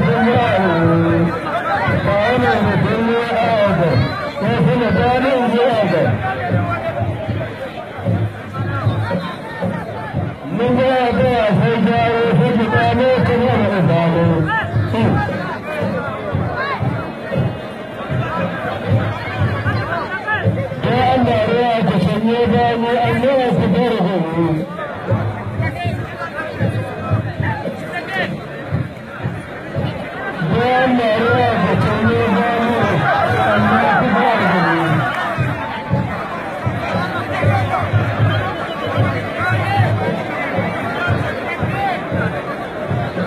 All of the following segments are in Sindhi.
Thank you. ۖۖۖۖۖۖۖۖۖ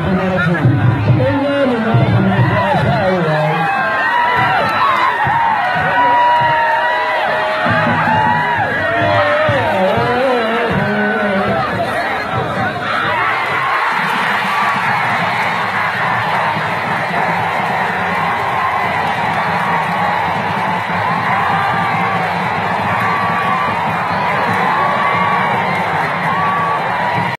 over there.